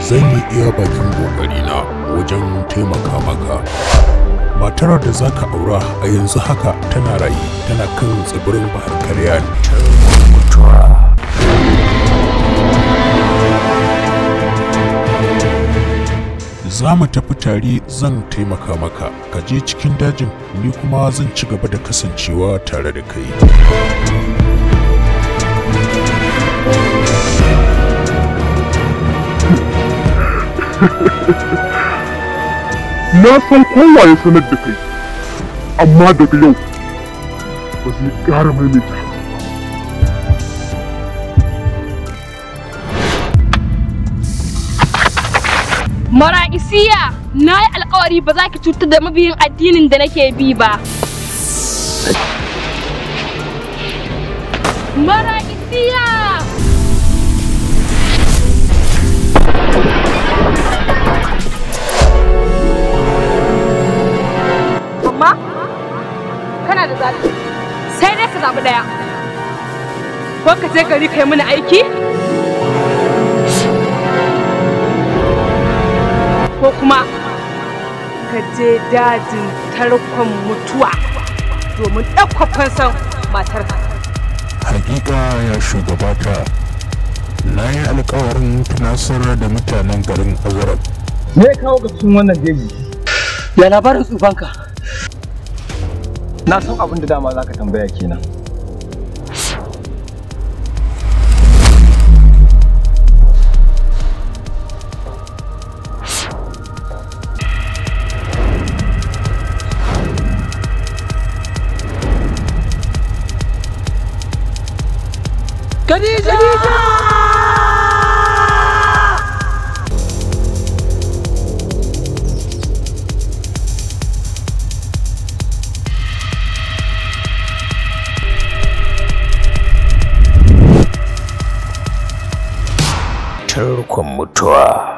zan yi iya bakin na wajen taimaka maka matar da za ka aura a yanzu haka tana rayu tana kan tsibirin bahar karya za mu tafi tare zan taimaka maka ka je cikin dajin ni kuma zan ci gaba da kasancewa tare da kai na san kowa ya sanar da kai amma daga yau ba zai ƙara maimaita Mara'isiya na yi alkawari ba za ki cutar da mabiyin addinin da nake bi ba. Mara'isiya! kana da zaɓi sai dai ka zaɓi ɗaya ko ka je gari ka yi mini aiki ko kuma ka je dajin tarkon mutuwa domin ɗaukwa fansan matarka. Hakika ya shugabata na yi alkawarin tunasar da mutanen garin Azarab. Me ya kawo ga cikin wannan jeji? Ya labarin tsufanka. na san abin da dama za ka tambaya kenan Khadija! Khadija! tarkon mutuwa